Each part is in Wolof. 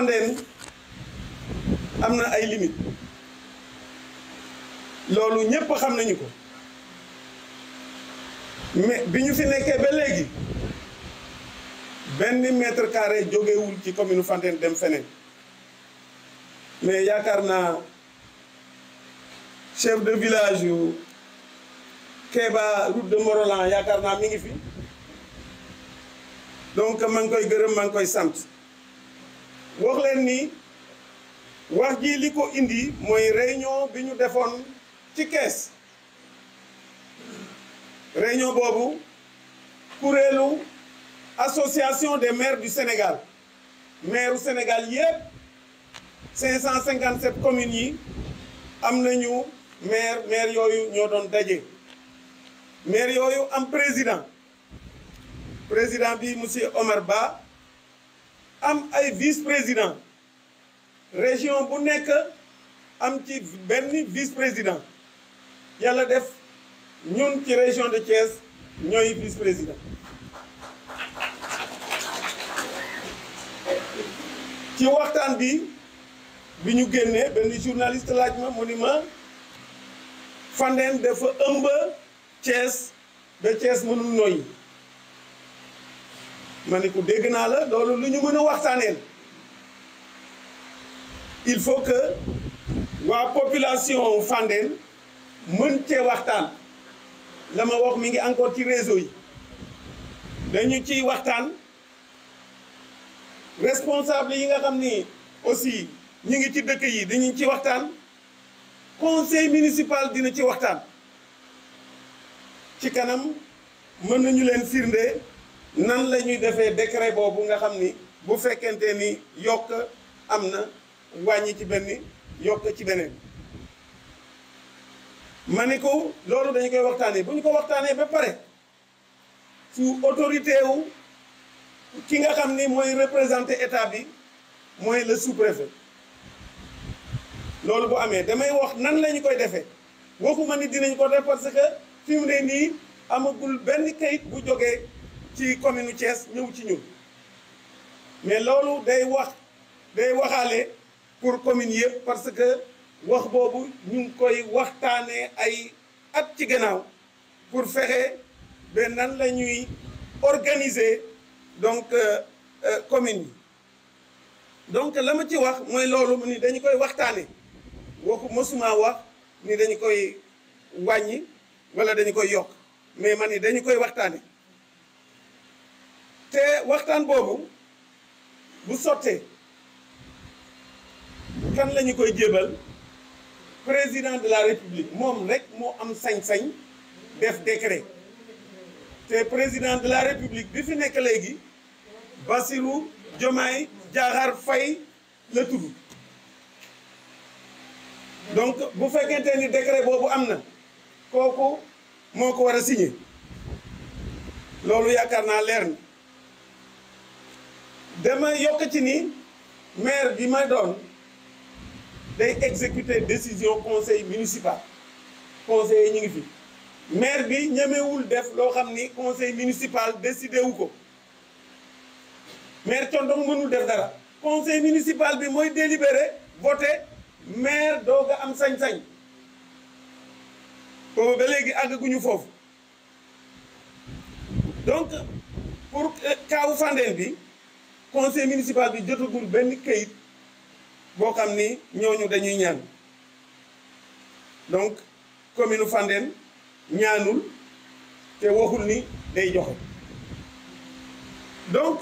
Fandène am na ay limites loolu ñépp xam nañu ko mais bi ñu fi nekkee ba léegi benn mètre carré jógewul ci commune Fandène dem feneen mais yaakaar naa chef de village yu Kéba route de Morolan yaakaar naa mi ngi fi donc ma ngi koy gërëm ma ngi koy sant wax leen ni wax ji li ko indi mooy réunion bi ñu defoon ci kees réunion boobu kuréelu association des maire du Sénégal maire du Sénégal yépp 557 communes yi am nañu maire maire yooyu ñoo doon daje maire yooyu am président président bi monsieur Omar Ba am ay vice président région bu nekk am ci benn vice président yàlla def ñun ci région de Thiès ñooy vice président ci waxtaan bi bi ñu génnee benn journaliste laaj ma mu ni ma Fandène dafa ëmb Thiès ba Thiès mënul noyyi ma ne ku dégg naa la loolu lu ñu mën a waxtaaneel il faut que waa population Fandène mën cee waxtaan la ma wax mi ngi encore ci réseau yi dañu ciy waxtaan responsable yi nga xam ni aussi ñu ngi ci dëkk yi dañu ci waxtaan conseil municipal dina ci waxtaan ci kanam mën nañu leen sirnde nan la ñuy defee décret boobu nga xam ni bu fekkente ni yokk am na wàññi ci benn yokk ci beneen ma ni ko loolu dañu koy waxtaanee bu ñu ko waxtaanee ba pare su autorité wu ki nga xam ni mooy représenté état bi mooy le sous loolu bu amee damay wax nan lañu koy defee waxuma ni dinañ ko def parce que fi mu nii amagul benn kayit bu jogee ci commune u ñëw ci ñun mais loolu day wax day waxaale pour commune yëpp parce que wax boobu ñu koy waxtaane ay at ci gannaaw pour fexe ba nan la ñuy organiser donc euh, euh, commune yi donc la ma ci wax mooy loolu mu ni dañu koy waxtaane waxu mësuma wax ni dañu koy wàññi wala dañu koy yokk mais man yi dañu koy waxtaane te waxtaan boobu bu sottee kan la ñu koy jébal président de la république moom rek moo am sañ-sañ def décret te président de la république bi fi nekk léegi Bassirou Diomaye Diakhar fay la tudd donc bu fekkente ni décret boobu am na kooku moo ko war a signé loolu yaakaar naa leer na dama yokk ci ni maire bi ma doon day exécuter décision conseil municipal conseil yi ñu ngi fi maire bi ñemewul def loo xam ni conseil municipal décidé wu ko maire condom mënul def dara conseil municipal bi mooy délibéré voté maire doog am sañ-sañ boobu ba léegi àggaguñu foofu donc pour kaw Fandène bi conseil municipal bi jotagul benn kayit boo xam ni ñooñu dañuy ñaan donc commune Fandène ñaanul te waxul ni day joxe donc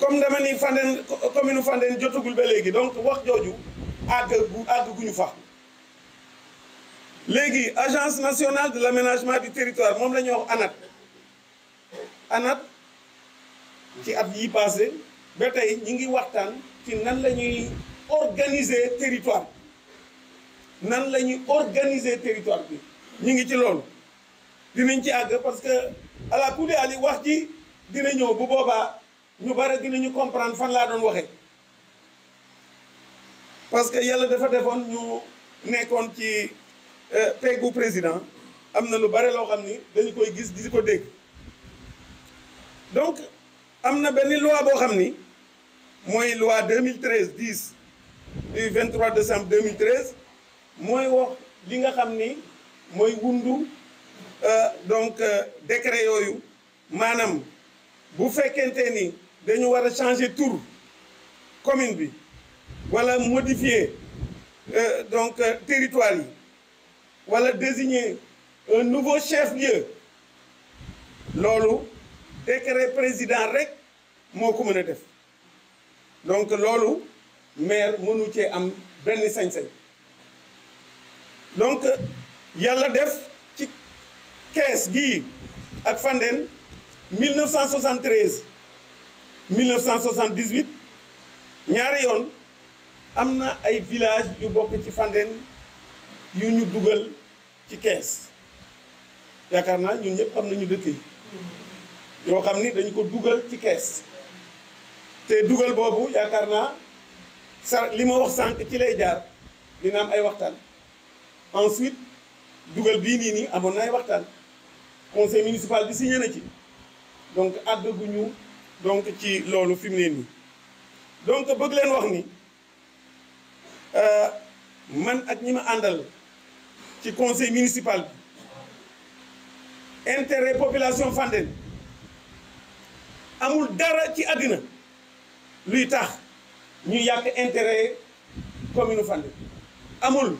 comme dama ni Fandène commune Fandène jotagul ba léegi donc wax jooju àgg gu àgg gu fa léegi agence nationale de l' aménagement territoire moom la wax ANAT ANAT ci at yi passé ba tey ñi ngi waxtaan ci nan la ñuy organiser territoire nan la ñuy organiser territoire bi ñu ngi ci loolu dinañ ci àgg parce que ala kulli ali wax ji dina ñëw bu boobaa ñu bare dinañu comprendre fan laa doon waxee parce que yàlla dafa defoon ñu nekkoon ci euh, peggu président am na lu bare loo xam ni dañu koy gis di ko dégg am na benn loi boo xam ni mooy loi 2013 10 du 23 décembre 2013 mooy wax li nga xam ni mooy wundu euh, donc euh, décret yooyu maanaam bu fekkente ni dañu war a changer tour commune bi wala modifier euh, donc territoire yi wala désigner un nouveau chef lieu loolu décret président rek moo ko mën def donc loolu maire mënu cee am benn sañ-sañ donc yàlla def ci kees gii ak Fandène 1973 1978 ñaari yoon am na ay village yu bokk ci fanden yu ñu dugal ci kees yaakaar naa ñun ñëpp xam nañu dëkk yoo xam ni dañu ko dugal ci kees te dugal boobu yaakaar naa sa li ma wax sànq ci lay jaar dina am ay waxtaan ensuite dugal bii nii nii amoon na ay waxtaan conseil municipal bi signé na ci donc àgguñu donc ci loolu fi mu ne donc bëgg leen wax ni euh, man ak ñi ma àndal ci conseil municipal bi intérêt population Fandène amul dara ci àddina luy tax ñu yàq intérêt commune Fandène amul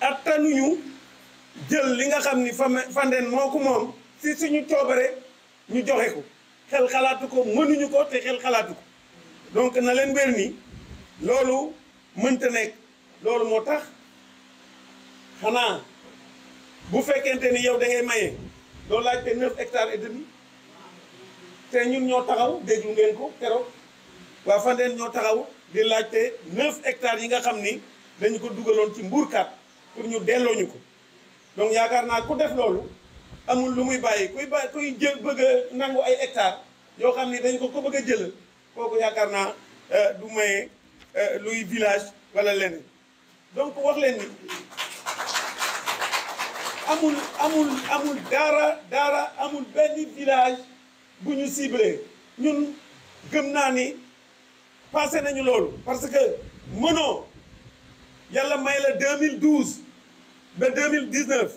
attanuñu jël li nga xam ni Fandène moo ko moom si suñu coobare ñu joxe ko xel xalaatu ko mënuñu ko te xel xalaatu ko donc na leen wér ni loolu mënta nekk loolu moo tax xanaa bu fekkente ni yow dangay ngay maye doo laajte neuf hectares et demi te ñun ñoo taxaw déglu ngeen ko keroog waa Fandène ñoo taxaw di laajte 9 hectares yi nga xam ni dañu ko dugaloon ci mbuurkat pour ñu delloo ñu ko donc yaakaar naa ku def loolu amul lu muy bàyyi kuy bàyyi kuy jë bëgg a nangu ay hectares yoo xam ni dañ ko ko bëgg a jël kooku yaakaar naa euh, du maye euh, luy village walla leneen donc wax leen ni amul amul amul daara daara amul benn village. bu ñu ciblé ñun gëm naa ni passé nañu loolu parce que mënoo yàlla may la 2012 ba 2019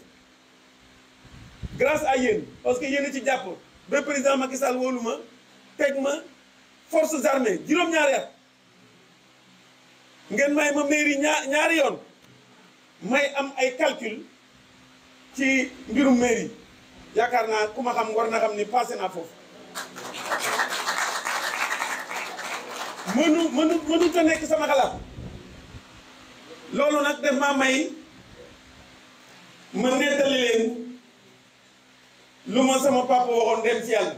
grâce à yéen parce que yéen a ci jàpp ba président Macky Sall woolu ma teg ma forces armées juróom-ñaari at ngeen may ma mairie ñaar ñaari yoon may am ay calcul ci mbirum mairie yaakaar naa ku ma xam war na xam ni passé naa foofu. mënu mënu mënu ta nekk sama xalaat loolu nag def maa may ma nettali leen lu ma sama papa waxoon dem ci yàlla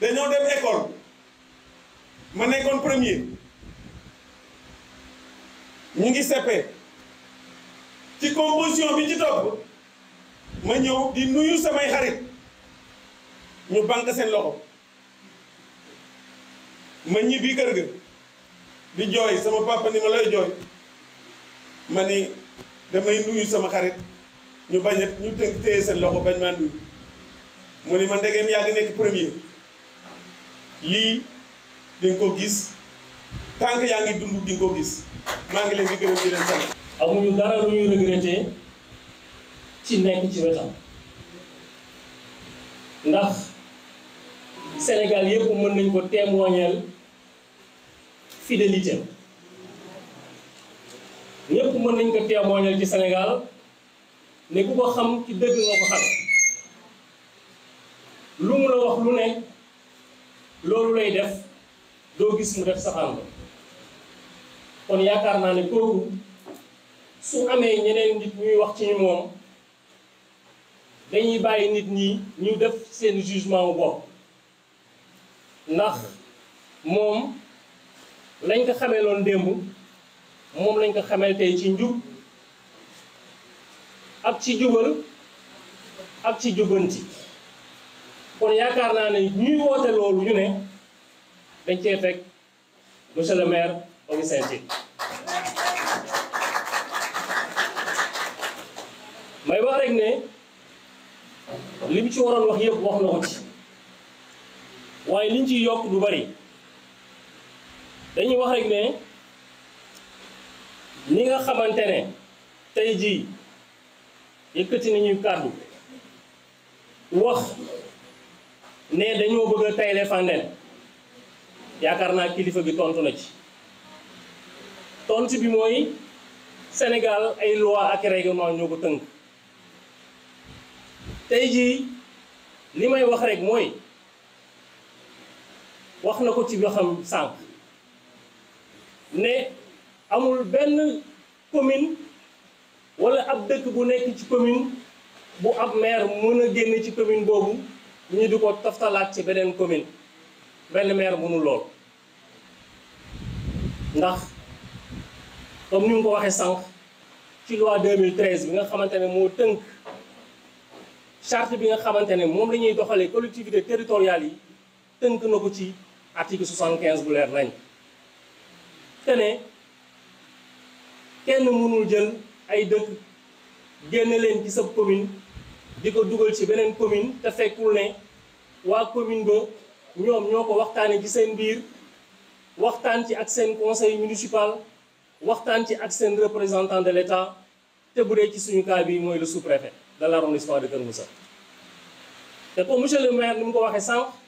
dañoo dem école ma nekkoon premier ñu ngi seppe ci composition bi ci topp ma ñëw di nuyu samay xarit ñu banque seen loxo ma ñibbi kër ga di jooy sama papa ni ma lay jooy ma ni damay nuyu sama xarit ñu bañ a ñu tënk téye seen loxo bañ maa nuyu mu ni ma ndegeem yaa ngi nekk premier lii di ko gis tànk yaa ngi dund di ko gis maa ngi leen di gërëm di leen sant. amuñu dara lu ñu regretté ci nekk ci wetam ndax. Sénégal yëpp mën nañ ko témoignel fidélité ñëpp mën nañ ko témoignel ci Sénégal ne ku ko xam ci dëgg nga ko xam lu mu la wax lu ne loolu lay def doo gis mu def safaan ko kon yaakaar naa ne kooku su amee ñeneen nit ñuy wax ci ñu moom dañuy bàyyi nit ñi ñu def seen jugement wu bopp ndax moom lañ ko xamee loon démb moom lañ ko xamee tey ci njub ak ci jubal ak ci jubanti kon yaakaar naa ne ñuy woote loolu ñu ne dañ cee teg monsieur le maire Augustin Tine may wax rek ne li mu ci waroon wax yëpp wax na ci waaye liñ ci yokk du bari dañuy wax rek ne ni nga xamante ne tey jii yëkkati nañuy kàddu wax ne dañoo bëgg a tayle yaakaar naa kilifa bi tontu na ci tontu bi mooy senegal ay loi ak règlement ñoo ko tënk tey jii li may wax rek mooy wax na ko ci xam sànq ne amul benn commune wala ab dëkk bu nekk ci commune bu ab maire mën a génne ci commune boobu ñu di ko toftalaat ci beneen commune benn maire mënul lool ndax comme ni nga ko waxee sànq ci loi 2013 bi nga xamante ne moo tënk charte bi nga xamante ne moom la ñuy doxalee collectivité territoriale yi tënk na ko ci article 75 bu leer nañ te ne kenn mënul jël ay dëkk génne leen ci sa commune di ko dugal ci beneen commune te fekkul ne waa commune ba ñoom ñoo ko waxtaane ci seen biir waxtaan ci ak seen conseil municipal waxtaan ci ak seen représentant de l'État te bu dee ci suñu cas bi mooy le sous-préfet de l'arrondissement de Kër Moussa te comme monsieur maire ni mu ko waxee sànq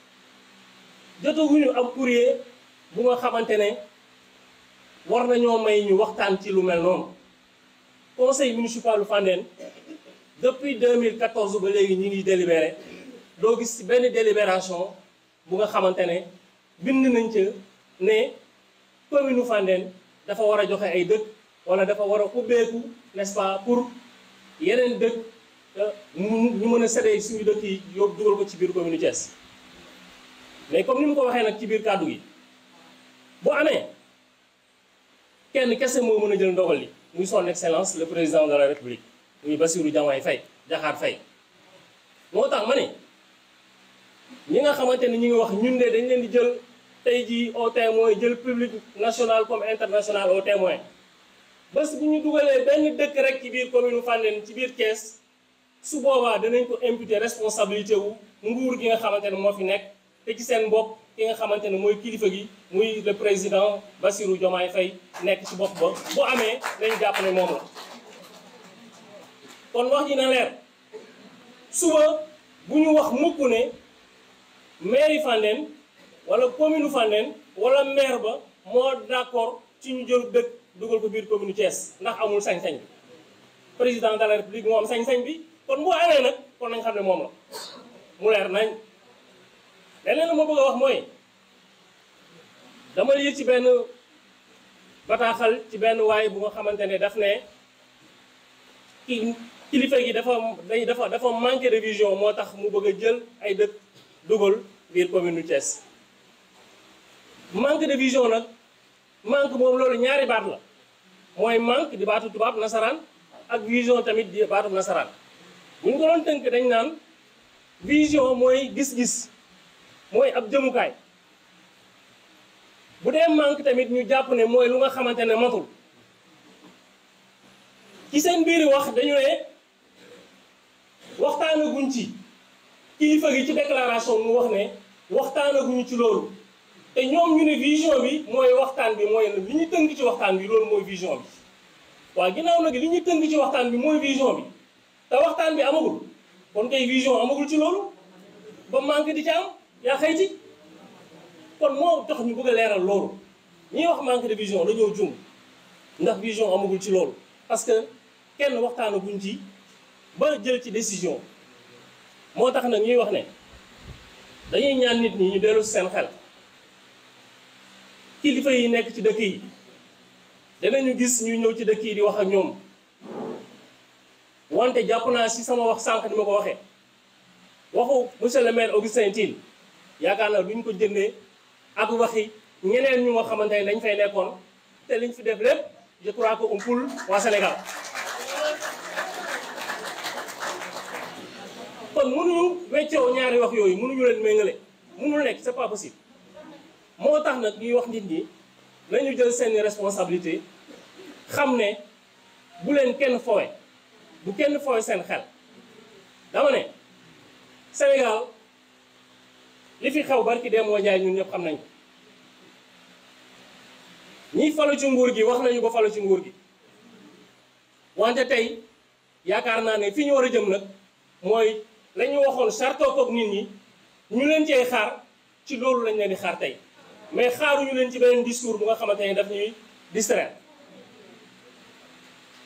jotaguñu am courrier bu nga xamante ne war nañoo may ñu waxtaan ci lu mel noonu conseil municipal bu Fandène depuis 2014 ba léegi ñu ngi délibéré doo gis ci benn délibération bu nga xamante ne bind nañ ca ne commune u dafa war a joxe ay dëkk wala dafa war a ubbeeku nest pour yeneen dëkk euh, ñu mën a séddee suñu dëkk yi yóbbu dugal ko ci biir commune Thiès. mais comme ni mu ko waxee nag ci biir kàddu gi bu amee kenn kese moo mën a jël ndogal li muy son excellence le président de la république muy Bassirou Diomaye Faye Diakhar Faye moo tax ma ne ñi nga xamante ni ñu ngi wax ñun de dañ leen di jël tey jii au témoin jël publique national comme international au témoin bés bu ñu dugalee benn dëkk rek ci biir commune Fandène ci biir Thiès su boobaa danañ ko imputer responsabilité wu nguur gi nga xamante ne moo fi nekk te ci seen bopp ki nga xamante ne mooy kilifa gi muy le président Bassirou Diomaye Faye nekk ci bopp ba bu amee dañu jàpp ne moom la kon wax ji na leer suba bu ñu wax mukk ne mairie Fandène wala commune Fandène wala mair ba moo d'accord ci ñu jël dëkk dugal ko biir commune Thiès ndax amul sañ-sañ bi président de république moo am sañ-sañ bi kon boo amee nag kon nañ xam ne moom la mu leer nañ leneen lu ma bëgg a wax mooy dama lii ci benn bataaxal ci benn waay bu nga xamante ne daf ne ki gi dafa dañ dafa dafa manqué de vision moo tax mu bëgg a jël ay dëkk dugal biir commune nu Thiès manque de vision nag manque moom loolu ñaari baat la mooy manque di baatu tubaab nasaraan ak vision tamit di baatu nasaraan bu ñu ko doon tënk dañ naan vision mooy gis-gis mooy ab jëmukaay bu dee manque tamit ñu jàpp ne mooy lu nga xamante ne matul ci seen biir wax dañu ne waxtaanaguñ ci kilifa gi ci déclaration mu wax ne waxtaanaguñ ci loolu te ñoom ñu ne vision bi mooy waxtaan bi mooy li ñu tënk ci waxtaan bi loolu mooy vision bi waaw ginnaaw nag li ñu tënk ci waxtaan bi mooy vision bi te waxtaan bi amagul kon kay vision amagul ci loolu ba manque di ci am yaa xëy kon moo tax ñu bëgg leeral loolu ñuy wax manque de vision dañoo jum ndax vision amagul ci loolu parce que kenn waxtaanaguñ ci ba jël ci décision moo tax nag ñuy wax ne dañuy ñaan nit ñi ñu dellu si seen xel kilifa yi nekk ci dëkk yi danañu gis ñu ñëw ci dëkk yi di wax ak ñoom wante jàpp naa si sama wax sànq ni ma ko waxee waxu monsieur le maire Augustin Tine yaakaar naa duñ ko jëndee ak waxi ñeneen ñu nga xamante ne dañ fay nekkoon te liñ fi def lépp je crois que umpul waa Sénégal. kon mënuñu weccoo ñaari wax yooyu mënuñu leen méngale mënul nekk c'est pas possible moo tax nag ñuy wax nit yi lañu jël seeni responsabilité xam ne bu leen kenn fowe bu kenn fowe seen xel dama ne Sénégal. li fi xew barki dem moo njaay ñun ñëpp xam nañ ko ñiy falu ci nguur gi wax nañu ba falu ci nguur gi wante tey yaakaar naa ne fi ñu war a jëm nag mooy la waxoon sartoo koog nit ñi ñu leen cee xaar ci loolu lañ leen di xaar tey mais xaaruñu leen ci beneen discours bu nga xamante ne daf ñuy distraire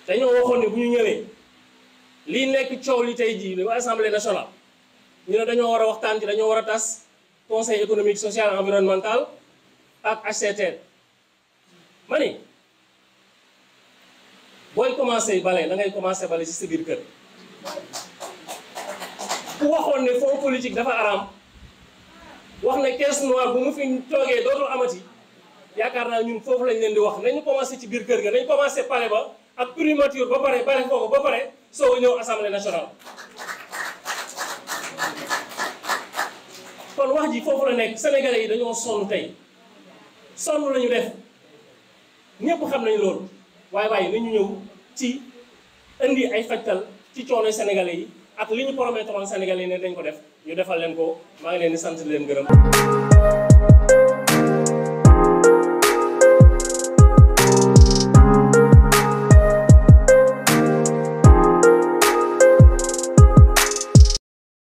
dañoo waxoon ne bu ñu ñëwee lii nekk coow li tey jii li assemblée nationale ñu ne dañoo war a waxtaan ci dañoo war a tas conseil économique social environnemental ak HCTN ma ni booy commencé bale da ngay commencé bale ci sa biir kër ku waxoon ne foofu politique dafa araam wax ne caisse noire bu mu fi toogee dootul amati yaakaar naa ñun foofu lañ leen di wax nañu commencé ci biir kër gi nañ commencé pare ba ak primature ba pare pare foofu ba pare soo ñëw assemblée nationale wax ji foofu la nekk sénégalais yi dañoo sonn tey sonn lañu def ñépp xam nañ loolu waaye waaye nañu ñëw ci indi ay fajtal ci coono sénégalais yi ak li ñu promettoon sénégalais yi ne dañ ko def ñu defal leen ko maa ngi leen di sant leen gërëm